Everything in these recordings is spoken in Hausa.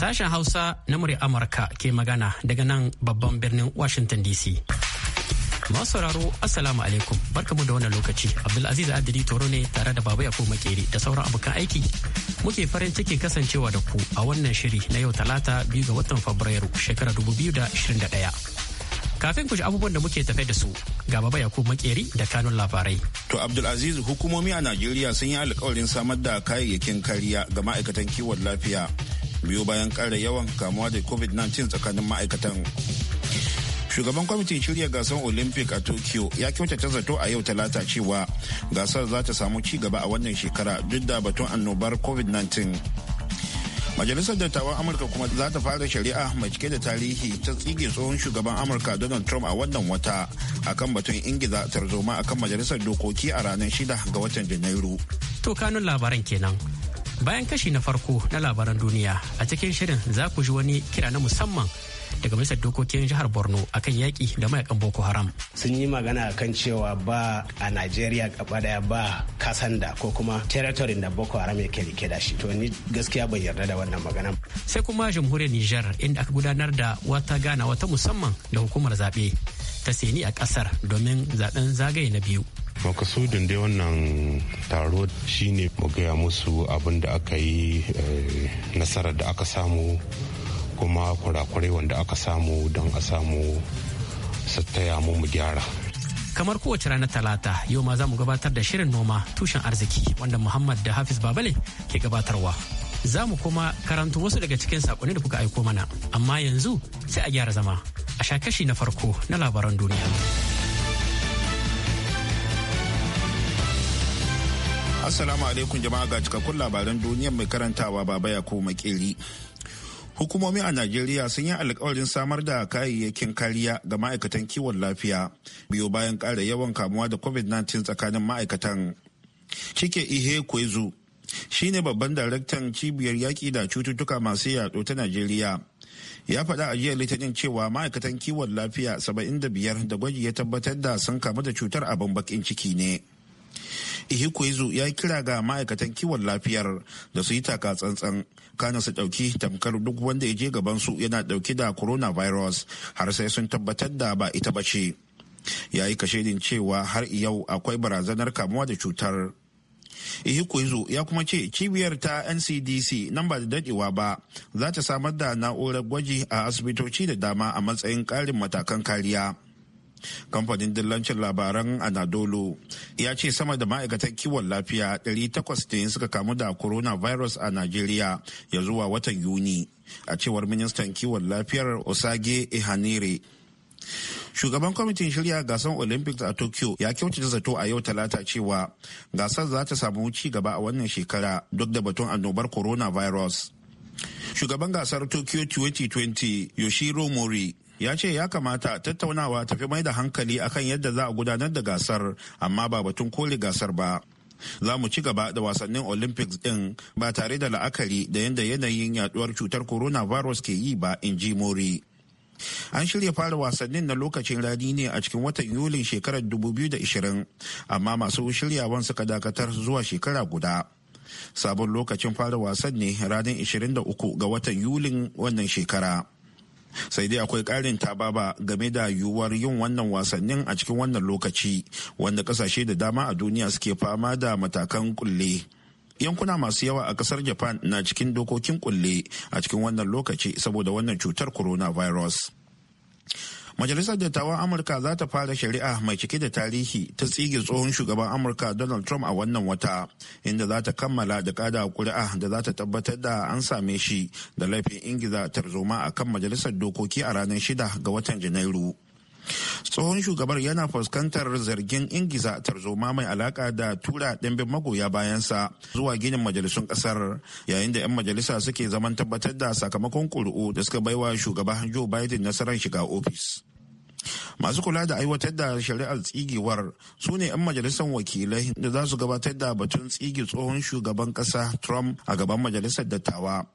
Sashen Hausa na murya Amurka ke magana daga nan babban birnin Washington DC. Masu sauraro Assalamu alaikum barkamu da wannan lokaci Abdulaziz adidi Toro ne tare da Baba Yakubu Makeri da sauran abokan aiki muke farin ciki kasancewa da ku a wannan shiri na yau talata biyu ga watan Fabrairu shekarar ɗaya? kafin ku ji abubuwan da muke tafe da su ga baba yakub makeri da kanun labarai to abdulaziz hukumomi a najeriya sun yi alkawarin samar da kayayyakin kariya ga ma'aikatan kiwon lafiya biyu bayan ƙara yawan kamuwa da covid-19 tsakanin ma'aikatan shugaban kwamitin shirya gasar olympic a tokyo ya kyautata zato a yau talata cewa gasar za ta samu ci gaba a wannan shekara duk da batun annobar covid-19 majalisar dattawan amurka kuma za ta fara shari'a mai cike da tarihi ta tsige tsohon shugaban amurka donald trump a wannan wata akan batun ingiza tarzoma akan majalisar dokoki a ranar shida ga watan janairu to kanun labaran kenan bayan kashi na farko na labaran duniya a cikin shirin za ku ji wani kira na musamman daga majalisar dokokin jihar borno akan yaƙi da mayakan boko haram sun yi magana kan cewa ba a najeriya gaba daya ba kasan da ko kuma territory da boko haram yake rike da shi to ni gaskiya ban yarda da wannan magana sai kuma jamhuriyar niger inda aka gudanar da wata ganawa wata musamman da hukumar zaɓe seni a kasar domin zaben zagaye na biyu makasudin dai wannan taro shine mu gaya musu abin da aka yi eh, nasarar da aka samu kuma kurakurai wanda aka samu don a samu sataya mu mu gyara kamar kowace ranar talata yau ma za mu gabatar da shirin noma tushen arziki wanda muhammad da hafiz babale ke gabatarwa za mu kuma karanto wasu daga cikin sakonni da kuka aiko mana amma yanzu sai a gyara zama a shakashi na farko na labaran duniya. Assalamu alaikum jama'a ga cikakkun labaran duniya mai karantawa baba ya ko makeri. Hukumomi a Najeriya sun yi alkawarin samar da kayayyakin kariya ga ma'aikatan kiwon lafiya biyo bayan ƙara yawan kamuwa da COVID-19 tsakanin ma'aikatan. Cike Ihe Kwezu shine babban daraktan cibiyar yaƙi da cututtuka masu yaɗo ta Najeriya. ya faɗa a jiya litinin cewa ma'aikatan kiwon lafiya saba'in da biyar da gwaji ya tabbatar da sun kamu da cutar abin bakin ciki ne ihikwezu ya yi kira ga ma'aikatan kiwon lafiyar da su yi taka tsantsan kana su ɗauki tamkar duk wanda ya je gaban su yana ɗauki da coronavirus har sai sun tabbatar da ba ita ba ce ya yi kashedin cewa har yau akwai barazanar kamuwa da cutar Ihikwezo ya kuma ce cibiyar ta NCDC nan ba da dadewa ba za ta samar da na'urar gwaji a asibitoci da dama a matsayin ƙarin matakan kariya. Kamfanin dillancin labaran Anadolu ya ce sama da ma'aikatan kiwon lafiya 800 ne suka kamu da coronavirus a Najeriya ya zuwa watan Yuni, a cewar ministan kiwon lafiyar Osage Ihanire. shugaban kwamitin shirya gasar olympics a tokyo ya kyautata zato a yau talata cewa gasar za ta samu ci gaba a wannan shekara duk da batun annobar coronavirus shugaban gasar tokyo 2020 yoshiro mori ya ce ya kamata tattaunawa ta fi mai da hankali akan yadda za a gudanar da gasar amma ba batun koli gasar ba za mu ci gaba da wasannin olympics din ba tare da la'akari da yadda yanayin yaduwar cutar coronavirus ke yi ba in ji mori An shirya fara wasannin na lokacin rani ne a cikin watan Yulin shekarar 2020, amma masu shiryawan suka dakatar zuwa shekara guda. Sabon lokacin fara wasan ne ranar 23 ga watan Yulin wannan shekara. Sai dai akwai ƙarin tababa game da yiwuwar yin wannan wasannin a cikin wannan lokaci, wanda ƙasashe da dama a duniya suke fama da matakan kulle. yankuna masu yawa a kasar japan na cikin dokokin kulle a cikin wannan lokaci saboda wannan cutar coronavirus majalisar dattawan amurka za ta fara shari'a mai cike da tarihi ta tsige tsohon shugaban amurka donald trump a wannan wata inda za ta kammala da kada kuri'a da za ta tabbatar da an same shi da laifin ingiza tarzoma a kan majalisar dokoki a ranar shida ga watan janairu tsohon shugabar yana fuskantar zargin ingiza tarzoma mai alaka da tura dimbin magoya bayansa zuwa ginin majalisun kasar yayin da 'yan majalisa suke zaman tabbatar da sakamakon ƙuri'u da suka baiwa shugaban joe biden nasarar shiga ofis masu kula da aiwatar da shari'ar tsigewar su ne 'yan majalisar wakilai da za su gabatar da batun tsige tsohon shugaban kasa trump a gaban majalisar dattawa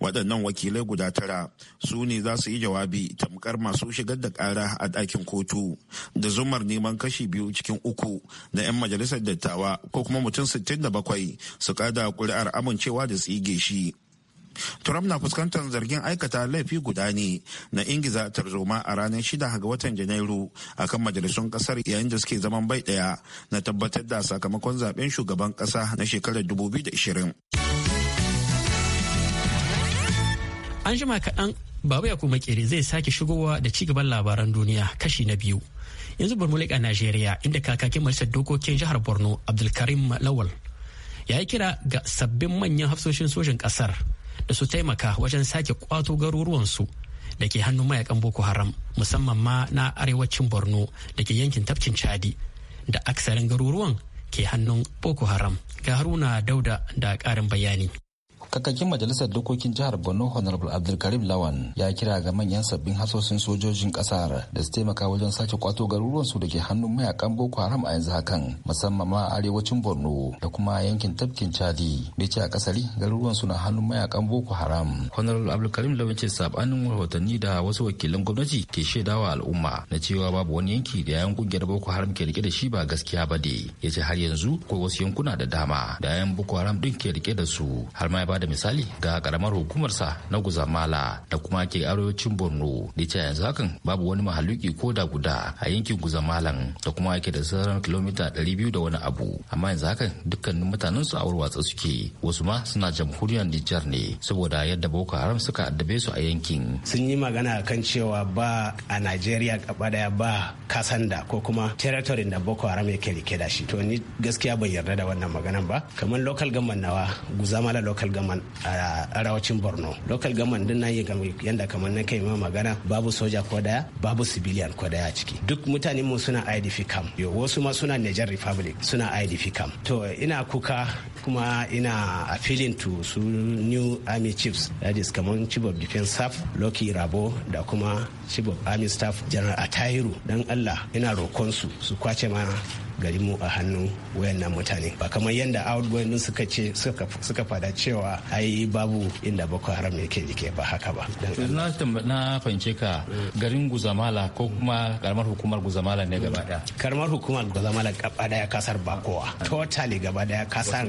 waɗannan wakilai guda tara su ne za su yi jawabi tamkar masu shigar da ƙara a ɗakin kotu da zumar neman kashi biyu cikin uku na 'yan majalisar dattawa ko kuma mutum 67 su kada ƙuri'ar amincewa da tsige shi Trump na fuskantar zargin aikata laifi guda ne na ingiza tarzoma a ranar 6 ga watan Janairu a kan majalisun kasar yayin da suke zaman bai daya na tabbatar da sakamakon zaben shugaban kasa na shekarar 2020. An jima kaɗan Babu ya kuma kere zai sake shigowa da ci gaban labaran duniya kashi na biyu. Yanzu bar mulika Najeriya inda kakakin majalisar dokokin jihar Borno Abdulkarim Lawal ya yi kira ga sabbin manyan hafsoshin sojin ƙasar da su taimaka wajen sake kwato garuruwansu da ke hannun mayakan Boko Haram musamman ma na arewacin Borno da ke yankin tafkin Chadi da aksarin garuruwan ke hannun Boko Haram. Ga Haruna Dauda da ƙarin bayani. kakakin majalisar dokokin jihar borno honorable abdulkarim lawan ya kira ga manyan sabbin hasosin sojojin kasar da su taimaka wajen sake kwato su da ke hannun mayakan boko haram a yanzu hakan musamman ma arewacin borno da kuma yankin tafkin chadi da ce a kasari garuruwansu na hannun mayakan boko haram honorable abdulkarim lawan ce sabanin rahotanni da wasu wakilan gwamnati ke shaidawa al'umma na cewa babu wani yanki da yayan kungiyar boko haram ke rike da shi ba gaskiya ba ne ya ce har yanzu ko wasu yankuna da dama da yayan boko haram din ke rike da su har ma ya da misali ga karamar hukumarsa na guzamala da kuma ke arewacin borno da ce yanzu hakan babu wani mahaluki ko da guda a yankin guzamalan da kuma ke da sauran kilomita biyu da wani abu amma yanzu hakan dukkanin mutanen su a warwatsa suke wasu ma suna jamhuriyar nijar ne saboda yadda boko haram suka addabe su a yankin sun yi magana kan cewa ba a najeriya gaba daya ba kasanda ko kuma territory da boko haram yake rike da shi to ni gaskiya ban yarda da wannan maganan ba kamar local government nawa guzamala local government gaman a arewacin borno local gaman din nan yanda kamar na kai ma magana babu soja ko daya babu civilian ko daya ciki duk mutanen mu suna idf camp yo wasu ma suna niger republic suna idf camp to ina kuka kuma ina a filin to su new army chiefs that is kamar chief of defense staff loki rabo da kuma chief of army staff general atahiru dan allah ina roƙon su su kwace mana garinmu a hannun wayannan mutane ba kamar yadda outgoing suka ce suka fada cewa ai babu inda boko haram yake jike ba haka ba na fahimce ka garin guzamala ko kuma karamar hukumar guzamala ne gaba daya karamar hukumar guzamala gaba daya kasar ba kowa totally gaba daya kasar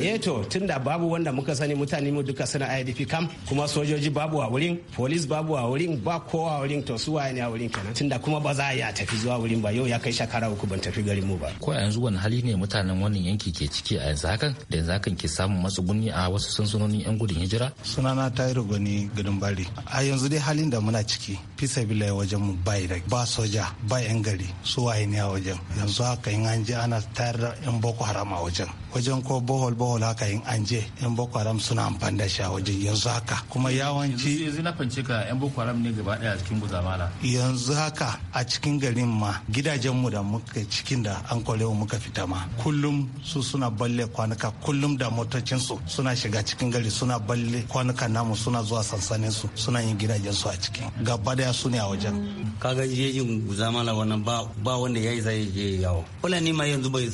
eh to tunda babu wanda muka sani mutane mu duka suna IDP kam kuma sojoji babu a wurin police babu a wurin ba kowa a wurin to su waye ne a wurin kenan tunda kuma ba za a yi a tafi zuwa wurin ba yau ya kai shekara uku ban tafi shafi gari mu ba ko yanzu wani hali ne mutanen wannan yanki ke ciki a yanzu hakan da yanzu hakan ke samun matsuguni a wasu sansanonin yan gudun hijira sunana yi gwani gudun bari a yanzu dai halin da muna ciki fisa layi wajen mu bai da ba soja ba yan gari su waye ne a wajen yanzu haka in an je ana tayar da yan boko haram a wajen wajen ko bohol bohol haka yin an je yan boko haram suna amfani da shi a wajen yanzu haka kuma yawanci yanzu na fance ka yan boko haram ne gaba daya a cikin guzamala yanzu haka a cikin garin ma gidajen mu da muka cikin da an mu muka fita ma kullum su suna balle kwanuka kullum da motocin su suna shiga cikin gari suna balle kwanuka namu suna zuwa sansanin su suna yin gidajen su a cikin gaba daya su ne a wajen kaga jejin guzamala wannan ba wanda yayi zai je yawo ni ma yanzu bai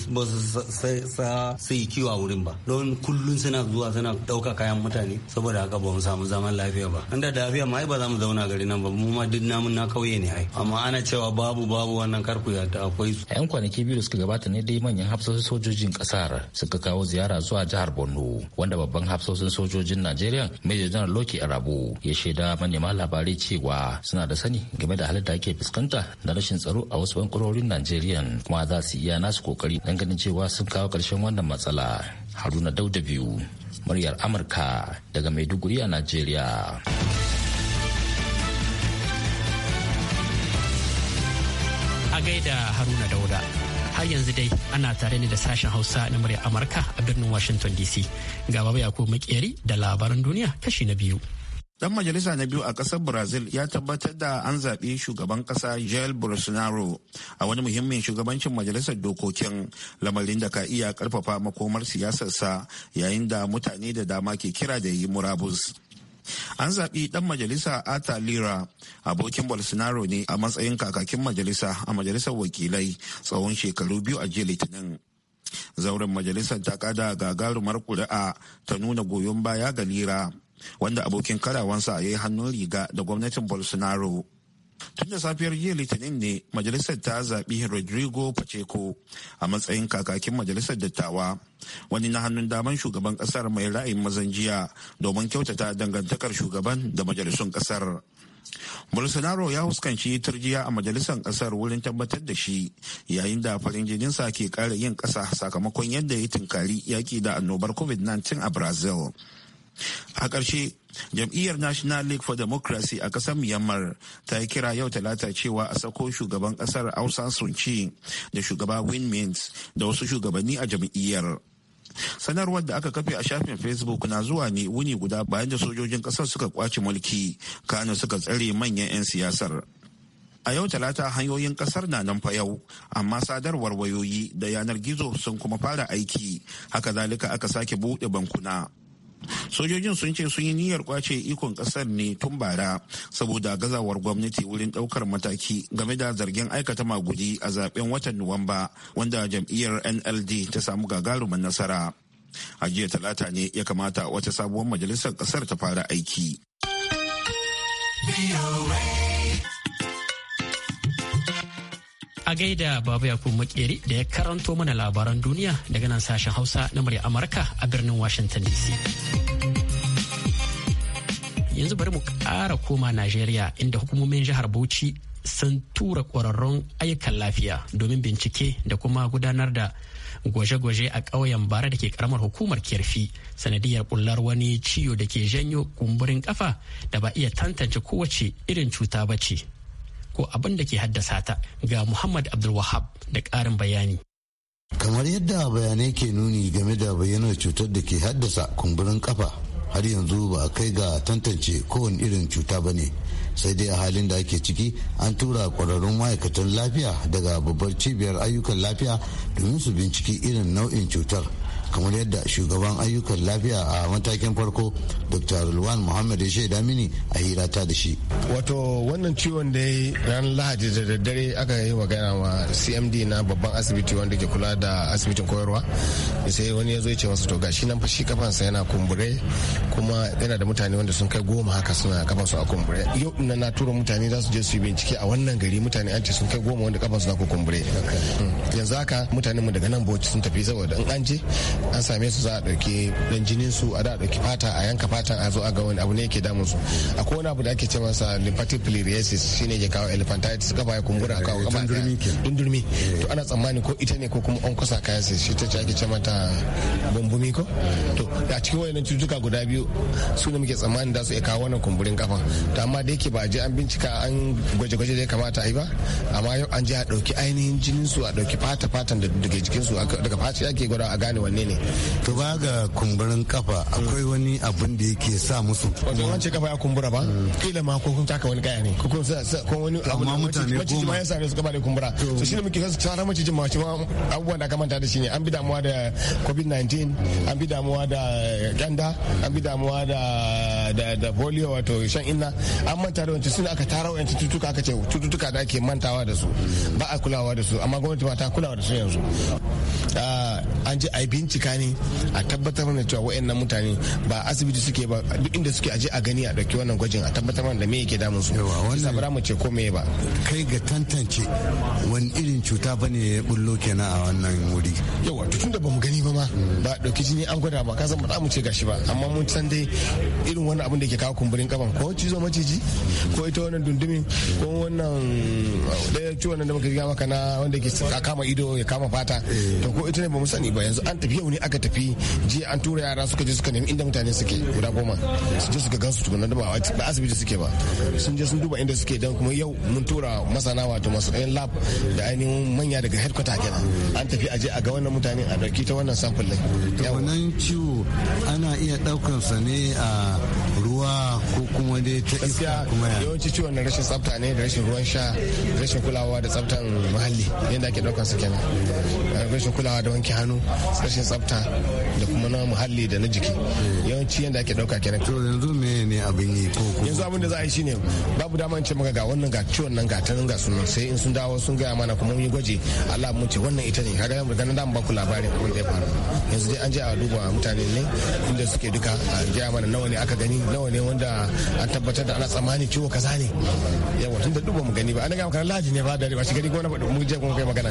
sa su yi kiwo a wurin ba don kullun suna zuwa suna ɗauka kayan mutane saboda haka ba mu samu zaman lafiya ba inda lafiya ma ai ba za mu zauna gari nan ba mu ma duk namun na kauye ne ai amma ana cewa babu babu wannan karku ya ta akwai su yan kwanaki biyu da suka gabata ne dai manyan hafsoshin sojojin kasar suka kawo ziyara zuwa jihar Borno wanda babban hafsoshin sojojin Najeriya Major General Loki arabu. ya shaida manema labarai cewa suna da sani game da halin da ake fuskanta na rashin tsaro a wasu bankurorin Najeriya kuma za su iya nasu kokari dan ganin cewa sun kawo karshen wannan matsala haruna dauda biyu muryar amurka daga maiduguri a najeriya a gaida haruna dauda har yanzu dai ana tare ni da sashen hausa na muryar amurka a birnin washington dc ga baba yakubu makeri da labaran duniya kashi na biyu Dan majalisa na biyu a ƙasar Brazil ya tabbatar da an zaɓi shugaban ƙasa Jair Bolsonaro a wani muhimmin shugabancin majalisar dokokin lamarin da ka iya ƙarfafa makomar siyasarsa yayin da mutane da dama ke kira da yi murabus. An zaɓi ɗan majalisa Ata Lira abokin Bolsonaro ne a matsayin kakakin majalisa a majalisar wakilai tsawon shekaru biyu a jiya Litinin. Zauren majalisar ta kada gagarumar ƙuri'a ta nuna goyon baya ga Lira. wanda abokin karawansa ya yi hannun riga da gwamnatin bolsonaro tun da safiyar jiya litinin ne majalisar ta zaɓi rodrigo pacheco a matsayin kakakin majalisar dattawa wani na hannun daman shugaban ƙasar mai ra'ayin mazan jiya domin kyautata dangantakar shugaban da majalisun ƙasar bolsonaro ya huskanci turjiya a majalisar ƙasar wurin tabbatar da shi yayin da farin jininsa ke ƙara yin ƙasa sakamakon yadda ya tunkari yaƙi da annobar covid-19 a brazil a ƙarshe jam'iyyar national league for democracy a ƙasar myanmar ta yi kira yau talata cewa a sako shugaban ƙasar ausan sunci da shugaba win mint da wasu shugabanni a jam'iyyar sanarwar da aka kafe a shafin facebook na zuwa ne wuni guda bayan da sojojin ƙasar suka kwace mulki kano suka tsare manyan 'yan siyasar a yau talata hanyoyin kasar na nan fa yau amma sadarwar wayoyi da yanar gizo sun kuma fara aiki haka zalika aka sake buɗe bankuna sojojin sun ce sun yi niyyar kwace ikon kasar ne tun bara saboda gazawar gwamnati wurin daukar mataki game da zargin aikata magudi a zaben watan nuwamba wanda jam'iyyar nld ta samu gagarumin nasara a jiya talata ne ya kamata wata sabuwar majalisar kasar ta fara aiki. a gaida baba yakub makeri da ya karanto mana labaran duniya daga nan sashen hausa na murya amurka a birnin washington dc yanzu bari mu ƙara koma najeriya inda hukumomin jihar bauchi sun tura ƙwararrun ayyukan lafiya domin bincike da kuma gudanar da gwaje-gwaje a ƙauyen bara da ke karamar hukumar kirfi sanadiyar bullar wani ciwo da ke janyo kumburin kafa da ba iya tantance kowace irin cuta ba ce ko abin da ke haddasa ta ga Muhammad Abdulwahab da ƙarin bayani. Kamar yadda bayanai ke nuni game da bayyanar cutar da ke haddasa kumburin kafa har yanzu ba a kai ga tantance kowane irin cuta ba ne sai dai a halin da ake ciki an tura kwararrun ma'aikatan lafiya daga babbar cibiyar ayyukan lafiya domin su binciki irin nau'in cutar. kamar yadda shugaban ayyukan lafiya a matakin farko dr Luwan muhammad ya shaida mini a hira ta da shi wato wannan ciwon da ran lahadi da daddare aka yi magana wa cmd na babban asibiti wanda ke kula da asibitin koyarwa sai wani ya zo ya ce masa to gashi nan fashi kafansa yana kumbure kuma yana da mutane wanda sun kai goma haka suna kafansu a kumbure yau ina na tura mutane za su je su yi bincike a wannan gari mutane an ce sun kai goma wanda kafansu na kumbure hmm. yanzu haka mutane mu daga nan bauchi sun tafi saboda in an je an same su za a ɗauki dan jinin su a da ɗauki fata a yanka fatan a zo a ga wani abu ne yake damun su akwai wani abu da ake ce masa lymphatic filariasis shine ke kawo elephantitis gaba ya kumbura eh, kawo gaba dundurmi eh. to ana tsammani ko ita ne ko kuma an kusa kayasis shi ta ce ake ce mata bumbumi ko to a cikin wayannan cututtuka guda biyu su ne muke tsammani da su iya kawo wannan kumburin kafa to amma da yake ba a je an bincika an gwaje-gwaje da ya kamata a yi ba amma yau an je a ɗauki ainihin jinin su a ɗauki fata fatan daga jikin su daga fata ake gwada a gane wanne ne to ba ga kumburin kafa akwai wani abin da yake sa musu wato wance kafa ya kumbura ba kila ma ko kun taka wani gaya ne ko kun sa ko wani abu na mutane ko ma yasa ne suka kafa da kumbura to shi ne muke su tsara mace jin mace abubuwan da kamanta da shi ne an bi damuwa da covid 19 an bi damuwa da ganda an bi damuwa da da da polio wato shan inna an manta da wancan suna aka tara wancan tutuka aka ce tutuka da ake mantawa da su ba a kulawa da su amma gwamnati ba ta kulawa da su yanzu ah, an ji abinci bincika ne a tabbatar mana cewa wayannan mutane ba asibiti suke ba duk inda suke aje a gani a dauki wannan gwajin a tabbatar mana da me yake damun su wannan ba mu ce komai ba kai ga tantance wani irin cuta bane ya bullo kenan a wannan wuri yawa tun da bamu gani ba ma ba dauki jini an gwada ba ka san ba mu ce gashi ba amma mun san dai irin wani abin da ke kawo kumburin kaban ko cizo maciji ko ita wannan dundumin ko wannan daya ciwon da muka ga maka na wanda ke kama ido ya kama fata eh. to ko ita ne ba mu sani ba yanzu an tafi yau ne aka tafi je an tura yara suka je suka nemi inda mutane suke guda goma su je suka gansu tukunan da ba asibiti suke ba sun je sun duba inda suke don kuma yau mun tura masana wato masu ɗayan lab da ainihin manya daga headquarter kenan an tafi aje a ga wannan mutane a ɗauki ta wannan sample din. wannan ciwo ana iya ɗaukar sa ne a ruwa ko kuma dai ta iska kuma ya yawanci ciwon na rashin tsafta ne da rashin ruwan sha rashin kulawa da tsaftan muhalli yadda ake ɗaukar sa kenan rashin kulawa da wanke hannu rashin tsafta da kuma na muhalli da na jiki yawanci yadda ake dauka kenan to yanzu me ne abin yi ko yanzu abin da za a yi shine babu daman ce maka ga wannan ga ciwon nan ga tanin ga sunan sai in sun dawo sun gaya mana kuma yi gwaji Allah mu ce wannan ita ne kaga yanzu ganin da mu baku labarin abin da ya faru yanzu dai an je a duba mutane ne inda suke duka a gaya mana nawa ne aka gani nawa ne wanda an tabbatar da ana tsammani ciwo kaza ne yawa tun da duba mu gani ba an ga makarar laji ne ba da ba shi gani ko na faɗi mu je kuma kai magana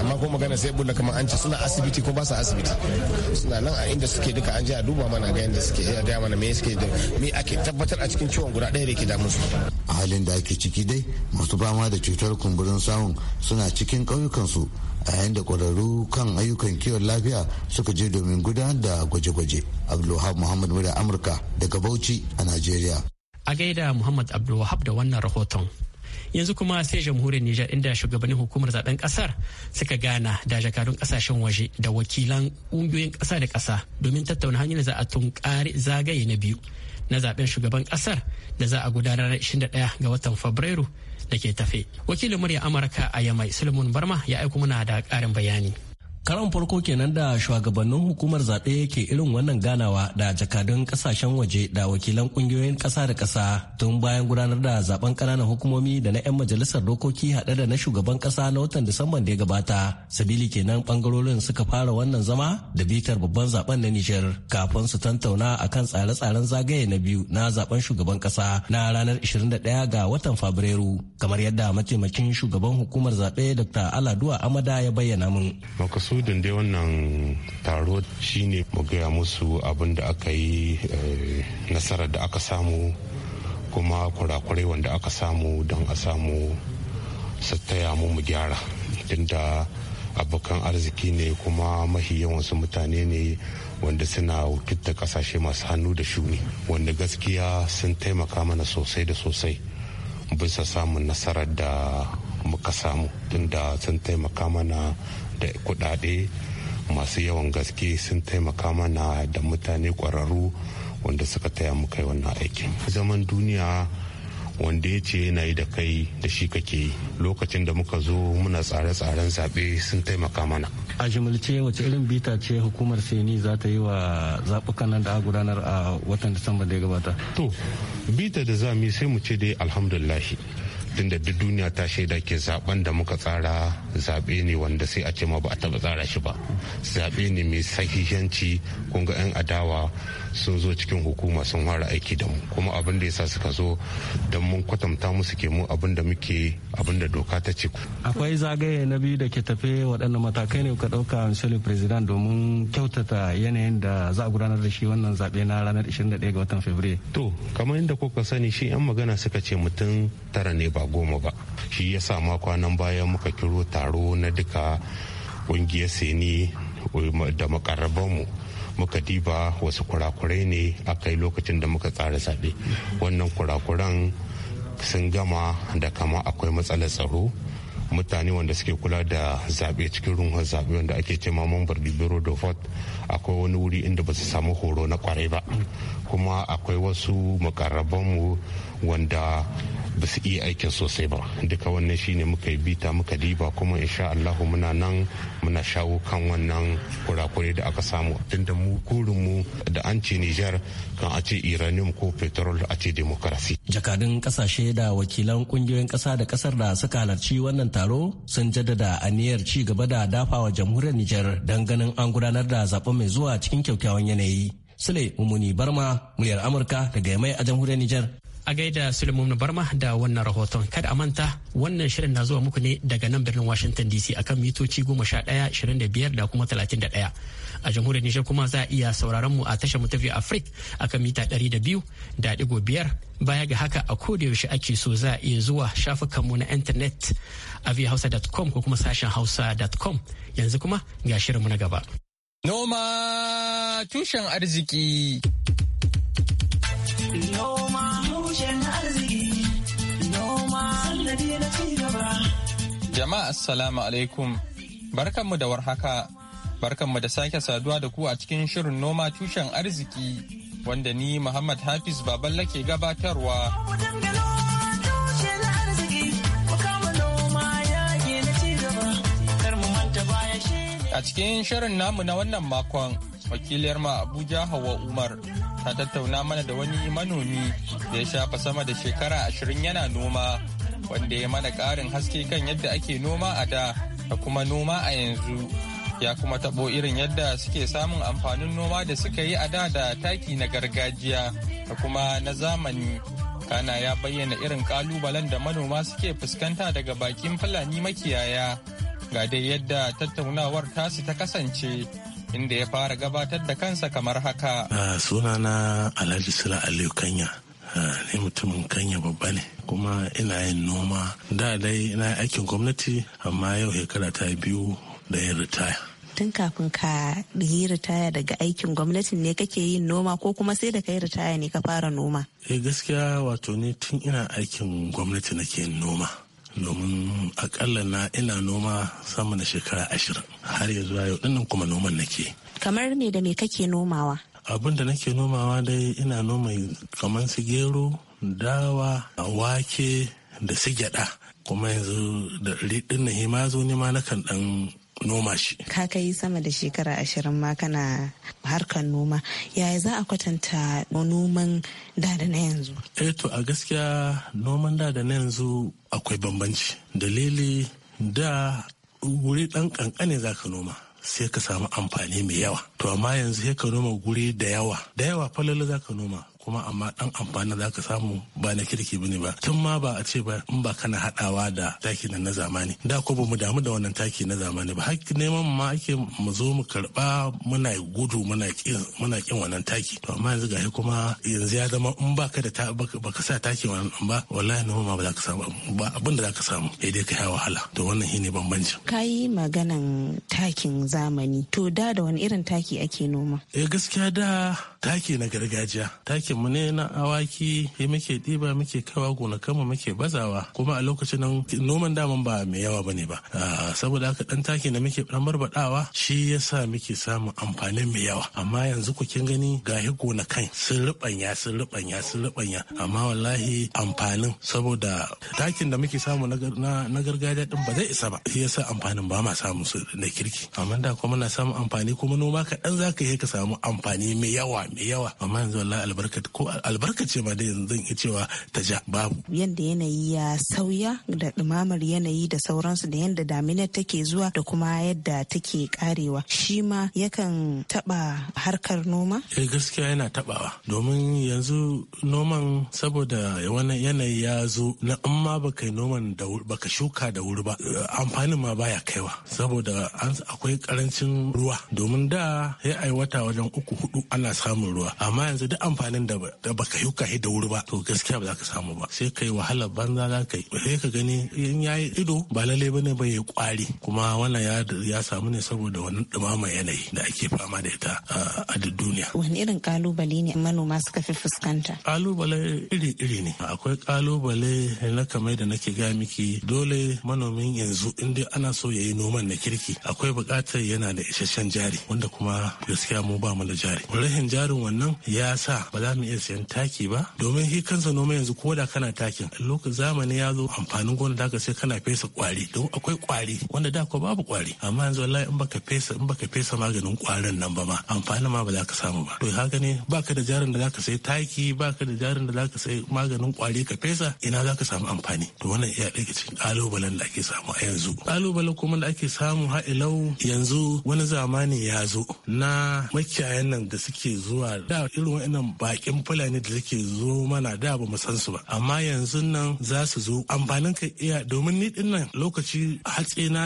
amma ko magana sai bulla kamar an ce suna asibiti ko ba su asibiti asibiti suna nan a inda suke duka an jiya a duba mana ga yadda suke ya gaya mana me suke da me ake tabbatar a cikin ciwon guda ɗaya da ke damun su a halin da ake ciki dai masu fama da cutar kumburin samun suna cikin ƙauyukansu a yayin da kwararru kan ayyukan kiwon lafiya suka je domin gudanar da gwaje-gwaje abdulwahab muhammad muda amurka daga bauchi a najeriya a gaida muhammad abdulwahab da wannan rahoton yanzu kuma sai jamhuriyar nijar inda shugabannin hukumar zaben kasar suka gana da jakadun kasashen waje da wakilan ƙungiyoyin kasa da ƙasa domin tattauna hanyar za a tunkari zagaye na biyu na zaben shugaban kasar da za a gudanar 21 ga watan fabrairu da ke tafe wakilin murya amurka a yamai solomon barma ya aiko muna da ƙarin bayani karan farko kenan da shugabannin hukumar zaɓe ke irin wannan ganawa da jakadun ƙasashen waje da wakilan ƙungiyoyin ƙasa da ƙasa tun bayan gudanar da zaben ƙananan hukumomi da na 'yan majalisar dokoki haɗe da na shugaban ƙasa na watan disamban da ya gabata sabili kenan ɓangarorin suka fara wannan zama da bitar babban zaben na nijar kafin su tantauna akan tsare-tsaren zagaye na biyu na zaben shugaban ƙasa na ranar 21 ga watan fabrairu kamar yadda mataimakin shugaban hukumar zaɓe dr aladuwa amada ya bayyana min makasudin dai wannan taro shine mu gaya musu abin da aka yi eh, nasarar da aka samu kuma kurakurai wanda aka samu don a samu su taya mu mu gyara tunda abokan arziki ne kuma mahi yawansu mutane ne wanda suna wakiltar kasashe masu hannu da shuni wanda gaskiya sun taimaka mana sosai da sosai bisa samun nasarar da muka samu tunda sun taimaka mana da kudade masu yawan gaske sun taimaka mana da mutane kwararru wanda suka taya mu kai wannan aikin zaman duniya wanda ya ce yana yi da kai da shi kake yi lokacin da muka zo muna tsare-tsaren zaɓe sun taimaka mana. a jimilce wace irin bita ce hukumar seni za ta yi wa zaɓukan nan da gudanar a watan disamba da ya gabata to bita da za mu sai mu ce dai alhamdulahi din da duk duniya ta shaida ke zaben da muka tsara zaɓe ne wanda sai a ce ma ba a taɓa tsara shi ba zaɓe ne mai sahihanci kun ga 'yan adawa sun zo cikin hukuma sun fara aiki da mu kuma abin da yasa suka zo don mun kwatanta musu ke mu abin da muke abin da doka ta ce akwai zagaye na biyu da ke tafe waɗanda matakai ne ka ɗauka misali president domin kyautata yanayin da za a gudanar da shi wannan zaɓe na ranar 21 ga watan fabrairu to kamar yadda kuka sani shi 'yan magana suka ce mutum tara ne ba ba goma ba shi ya sa ma kwanan baya muka kiro taro na duka ƙungiyar seni um, da makarabanmu muka diba wasu kurakurai ne akai lokacin da muka tsara zaɓe wannan kurakuran sun gama da kama akwai matsalar tsaro mutane wanda suke kula da zaɓe cikin runhon zaɓe wanda ake cema ma mambar biro da akwai wani wuri inda ba su samu horo na kwarai ba kuma akwai wasu mu wanda ba su iya aikin sosai ba duka wannan shine muka yi bita muka diba kuma insha Allahu muna nan muna shawo kan wannan kurakure da aka samu tunda mu mu da an ce Niger kan a ce uranium ko petrol a ce demokarasi. Jakadun kasashe da wakilan kungiyoyin kasa da kasar da suka halarci wannan taro sun jaddada aniyar ci gaba da dafawa jamhuriyar nijar don ganin an gudanar da zaben mai zuwa cikin kyakkyawan yanayi. Sule Mumuni Barma, muryar Amurka daga Yamai a jamhuriyar Nijar. A gaida Sule Mumuni Barma da wannan rahoton. Kada a manta wannan shirin na zuwa muku ne daga nan birnin Washington DC akan mitoci goma sha ɗaya, shirin da da kuma talatin ɗaya. A jamhuriyar Nijar kuma za a iya sauraron mu a tashar mu tafi Afrik akan mita ɗari da biyu da ɗigo biyar. Baya ga haka a yaushe ake so za a iya zuwa shafukanmu na intanet a ko kuma sashen hausa.com yanzu kuma ga shirinmu na gaba. Noma tushen arziki. Noma tushen arziki. Jama'a assalamu alaikum. Barkanmu da warhaka. Barkanmu da sake saduwa da ku a cikin shirin noma tushen arziki wanda ni Muhammad Hafiz Baballa ke gabatarwa. A cikin shirin namu na wannan makon wakiliyar ma Abuja Hawa Umar ta tattauna mana da wani manomi da ya shafa sama da shekara ashirin yana noma wanda ya mana ƙarin haske kan yadda ake noma a da da kuma noma a yanzu ya kuma taɓo irin yadda suke samun amfanin noma da suka yi a da da taki na gargajiya da kuma na zamani kana ya bayyana irin ƙalubalen da manoma suke fuskanta daga bakin fulani makiyaya Ga dai yadda tattaunawar tasi ta kasance inda ya fara gabatar da kansa kamar haka. Sunana Alhaji Sula Aliyu Kanya. ni mutumin kanya babba ne kuma ina yin noma da dai ina aikin gwamnati amma yau shekara ta biyu da yin ritaya tun kafin ka yi ritaya daga aikin gwamnati ne kake yin noma ko kuma sai da ka yi ritaya ne ka fara noma eh, gaskiya wato ni tun ina aikin gwamnati nake yin noma domin akalla na ina noma sama da shekara ashirin har yanzu yau dinnan kuma noman nake kamar me da me kake nomawa abin da nake nomawa dai ina noma kamar su gero dawa wake da su gyada kuma yanzu da riɗin na hima zo nima na kan ɗan noma shi ka kai sama da shekara ashirin ma kana harkar noma yaya za a kwatanta noman da da na yanzu eh to a gaskiya noman da da na yanzu akwai bambanci dalili da wuri ɗan kankane za ka noma sai ka samu amfani mai yawa to amma yanzu sai ka noma guri da yawa da yawa falala za ka noma kuma amma dan amfani za ka samu ba na kirki bane ba tun ma ba a ce ba in ba kana haɗawa da taki na na zamani da ko ba mu damu da wannan taki na zamani ba hakki neman ma ake mu zo mu karba muna gudu muna kin muna kin wannan taki to amma yanzu gashi kuma yanzu ya zama in ka da ka sa taki wannan ba wallahi noma ba za ka samu ba abin da za ka samu sai dai ka yi wahala to wannan shine Ka kayi maganan takin zamani to da da wani irin taki ake noma eh gaskiya da taki na gargajiya takin mu ne na awaki ya muke ɗiba muke kawa gonakanmu muke bazawa kuma a lokacin nan noman daman ba mai yawa bane ba ah, saboda haka dan taki da muke dan barbaɗawa shi yasa muke samun amfanin mai yawa amma yanzu ku kin gani gahi gonakan sun rubanya sun rubanya sun rubanya amma wallahi amfanin saboda takin da muke samu na gargajiya din ba zai isa ba shi yasa amfanin ba ma samu su da kirki amma da kuma na samun amfani kuma noma kaɗan zaka yi ka samu amfani mai yawa mai yawa amma yanzu wallahi albarka ko albarkace ma da yanzu zan iya cewa ta ja babu. Yadda yanayi ya sauya da ɗumamar yanayi da sauransu da yadda damina take zuwa da kuma yadda take karewa shi ma yakan taɓa harkar noma? Eh gaskiya yana taɓawa domin yanzu noman saboda wani yanayi ya zo na in ma baka yi noman da baka shuka da wuri ba amfanin ma baya kaiwa saboda akwai karancin ruwa domin da ya ai wata wajen uku hudu ana samun ruwa amma yanzu duk amfanin da baka yi kai da wuri ba to gaskiya ba za ka samu ba sai kai wahala banza za ka yi sai ka gani in yayi ido ba lalle bane ba ya kwari kuma wannan ya ya samu ne saboda wannan dumama yanayi da ake fama da ita a duniya wani irin kalubale ne manoma suka fi fuskanta kalubale iri-iri ne akwai kalubale na kamar da nake ga miki dole manomin yanzu in dai ana so ya yi noman na kirki akwai bukatar yana da isasshen jari wanda kuma gaskiya mu ba mu da jari rahin jarin wannan ya sa ba za mu iya siyan taki ba domin shi kansa noma yanzu ko da kana takin lokacin zamani ya zo amfanin gona da sai kana fesa kwari don akwai kwari wanda da ko babu kwari amma yanzu wallahi in baka fesa in baka fesa maganin kwarin nan ba ma amfanin ma ba za ka samu ba to haka ne baka da jarin da za ka sai taki baka da jarin da za ka sai maganin kwari ka fesa ina za ka samu amfani to wannan iya daga cikin kalubalen da ake samu a yanzu kalubalen kuma da ake samu ha ilau yanzu wani zamani ya zo na makiyayan nan da suke zuwa da irin wa'annan baki in fulani da suke zo mana da ba san su ba amma yanzu nan za su zo amfanin ka iya domin ni din nan lokaci hatsi na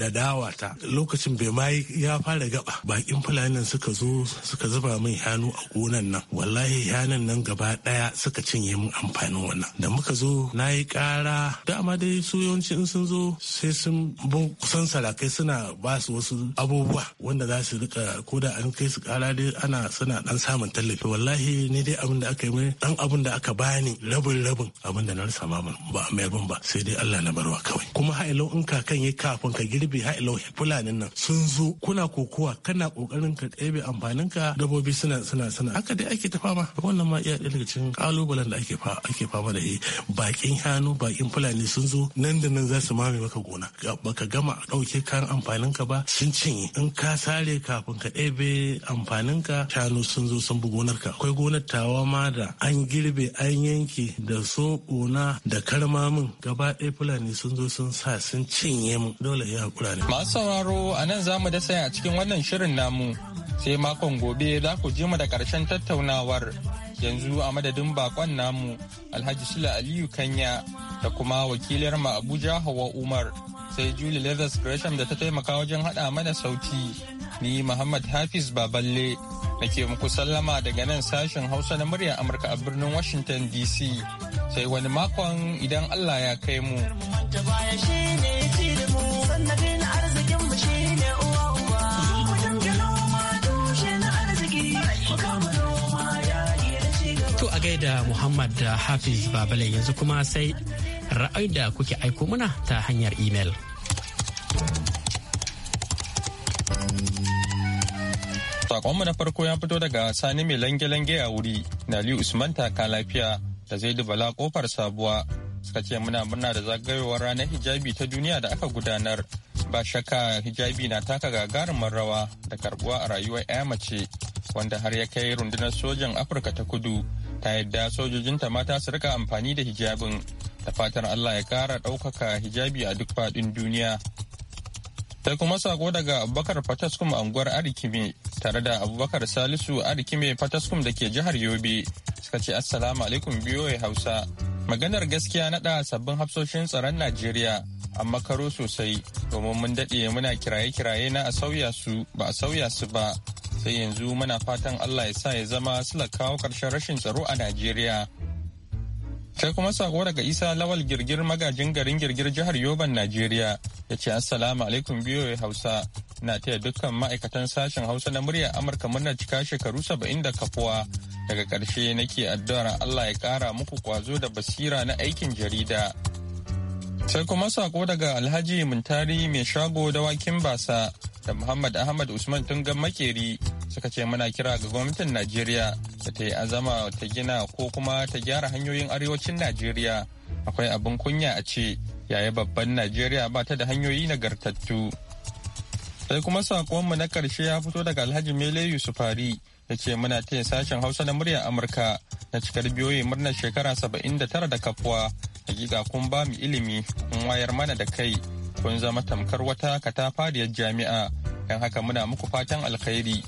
da dawa ta lokacin bai ma ya fara gaba bakin fulanin suka zo suka zuba min hannu a gonan nan wallahi hannun nan gaba daya suka cinye min amfanin wannan da muka zo na yi kara dama dai su yawanci in sun zo sai sun bin kusan sarakai suna ba su wasu abubuwa wanda za su rika koda an kai su kara dai ana suna dan samun tallafi wallahi ni dai abin da aka yi mai dan abin da aka bani rabin rabin abin da na rasa mamun ba a mayar ba sai dai Allah na barwa kawai kuma ha'ilau in kakan yi kafin ka girbe ha'ilau fulanin nan sun zo kuna kokowa kana kokarin ka ɗebe amfanin ka dabobi suna suna suna haka dai ake ta fama wannan ma iya daga cikin kalubalen da ake fa ake fama da shi bakin hannu bakin fulani sun zo nan da nan za su mame maka gona baka gama ɗauke kan amfanin ka ba sun cinye in ka sare kafin ka ɗebe amfanin ka shanu sun zo sun bi gonar ka akwai gonar ta dattawa ma da an girbe an yanke da sun ƙona da karmamin gaba ɗaya fulani sun zo sun sa sun cinye mu dole ya haƙura ne. Masu sauraro a nan za mu dasa a cikin wannan shirin namu sai makon gobe za ku je mu da ƙarshen tattaunawar yanzu a madadin bakon namu Alhaji Sula Aliyu Kanya da kuma wakilar mu Abuja Hawa Umar sai Julie Leathers Gresham da ta taimaka wajen haɗa mana sauti. ni Muhammad Hafiz Baballe da ke muku sallama daga nan sashen Hausa na muryar Amurka a birnin Washington DC sai wani makon idan Allah ya kai mu. To a gaida Muhammad Hafiz Baballe yanzu kuma sai ra'ayi da kuke aiko muna ta hanyar imel. Sakonmu na farko ya fito daga Sani mai lange-lange a wuri na Aliyu Usman taka lafiya da zai Bala kofar sabuwa suka ce muna murna da zagayowar ranar hijabi ta duniya da aka gudanar ba shakka hijabi na taka gagarumin rawa da karbuwa a rayuwar 'ya mace wanda har ya kai rundunar sojan afirka ta kudu ta yadda sojojinta mata su rika amfani da hijabin da fatar allah ya kara ɗaukaka hijabi a duk faɗin duniya sai kuma sako daga abubakar fataskum anguwar arikime tare da abubakar salisu arikime fataskum da ke jihar yobe suka ce assalamu alaikum biyoyi hausa maganar gaskiya naɗa sabbin hafsoshin tsaron najeriya an makaro sosai domin mun daɗe muna kiraye-kiraye na a sauya su ba a sauya su ba sai yanzu muna fatan allah ya sa ya zama sila kawo ƙarshen rashin tsaro a najeriya sai kuma sako daga isa lawal girgir magajin garin girgir jihar yoban najeriya ya ce assalamu alaikum ya hausa na taya dukkan ma'aikatan sashen hausa na muryar amurka muna cika shekaru saba'in da kafuwa daga ƙarshe nake addu'ar allah ya kara muku kwazo da basira na aikin jarida sai kuma sako daga alhaji muntari mai shago da wakin basa da muhammad ahmad usman tun ga makeri suka ce muna kira ga gwamnatin najeriya da ta yi azama ta gina ko kuma ta gyara hanyoyin arewacin najeriya akwai abin kunya a ce yaya babban najeriya ba ta da hanyoyi nagartattu sai kuma sakonmu na karshe ya fito daga alhaji mele Ari da ce muna taya sashen hausa na muryar amurka na cikar biyoyi murnar shekara saba'in da tara da kafuwa hakika kun ba mu ilimi kun wayar mana da kai kun zama tamkar wata katafariyar jami'a don haka muna muku fatan alkhairi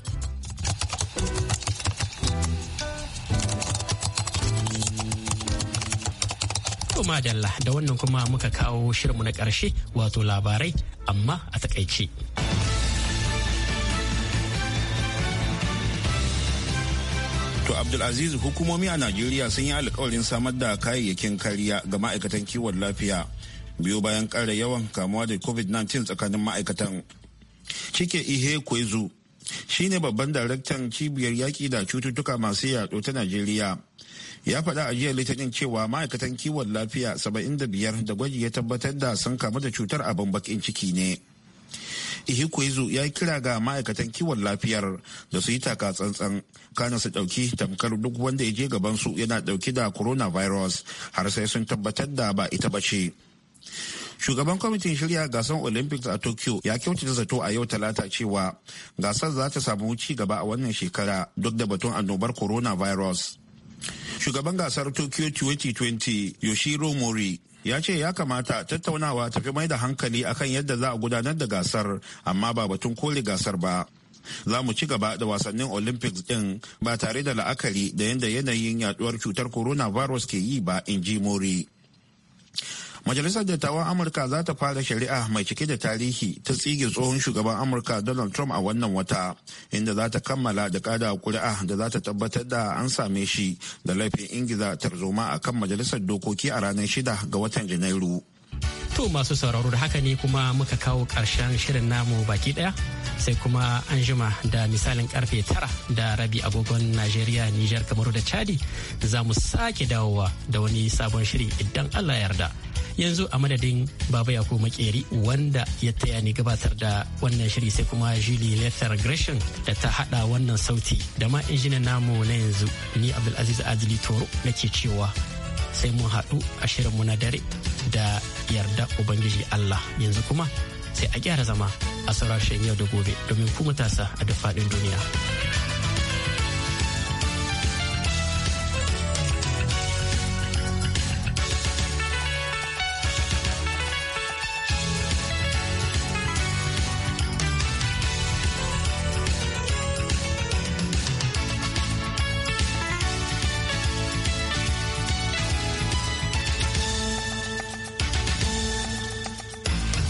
To madalla da wannan kuma muka kawo shirinmu na ƙarshe wato labarai amma a takaice. To Abdulaziz hukumomi a Najeriya sun yi alkawarin samar da kayayyakin kariya ga ma'aikatan kiwon lafiya biyu bayan ƙara yawan kamuwa da COVID-19 tsakanin ma'aikatan. Cike Ihe Kwezu shine babban daraktan cibiyar yaƙi da cututtuka masu yaɗo ta Najeriya. ya faɗa a jiya litinin cewa ma'aikatan kiwon lafiya saba'in da biyar da gwaji ya tabbatar da sun kamu da cutar abin bakin ciki ne ihikwezu ya yi kira ga ma'aikatan kiwon lafiyar da su yi taka tsantsan kana su ɗauki tamkar duk wanda ya je gaban su yana ɗauki da coronavirus har sai sun tabbatar da ba ita ba ce shugaban kwamitin shirya gasar olympics a tokyo ya kyautata zato a yau talata cewa gasar za ta samu ci gaba a wannan shekara duk da batun annobar coronavirus shugaban gasar tokyo 2020 yoshiro mori ya ce ya kamata tattaunawa ta fi mai da hankali akan yadda za a gudanar da gasar amma ba batun koli gasar ba za mu ci gaba da wasannin olympics din ba tare da la'akari da yadda yanayin yaduwar cutar coronavirus ke yi ba in ji mori Majalisar Dattawan Amurka za ta fara shari'a mai cike da tarihi ta tsige tsohon shugaban Amurka Donald Trump a wannan wata, inda za ta kammala da kada kuri'a da za ta tabbatar da an same shi da laifin ingiza tarzoma a kan Majalisar Dokoki a ranar shida ga watan Janairu. To masu sauraro da haka ne kuma muka kawo ƙarshen shirin namu baki ɗaya sai kuma an jima da misalin karfe tara da rabi agogon Najeriya, Nijar, Kamaru da Chadi za mu sake dawowa da wani sabon shiri idan Allah yarda. Yanzu a madadin Baba Yako Makeri wanda ya taya ni gabatar da wannan shiri sai kuma Julie Lethal Gresham da ta hada wannan sauti da ma injinan namu na yanzu ni Abdulaziz Adili Toro nake cewa sai mun haɗu a shirinmu na dare da yarda ubangiji Allah yanzu kuma sai a gyara zama a saurashin yau da gobe domin ku tasa a duk faɗin duniya.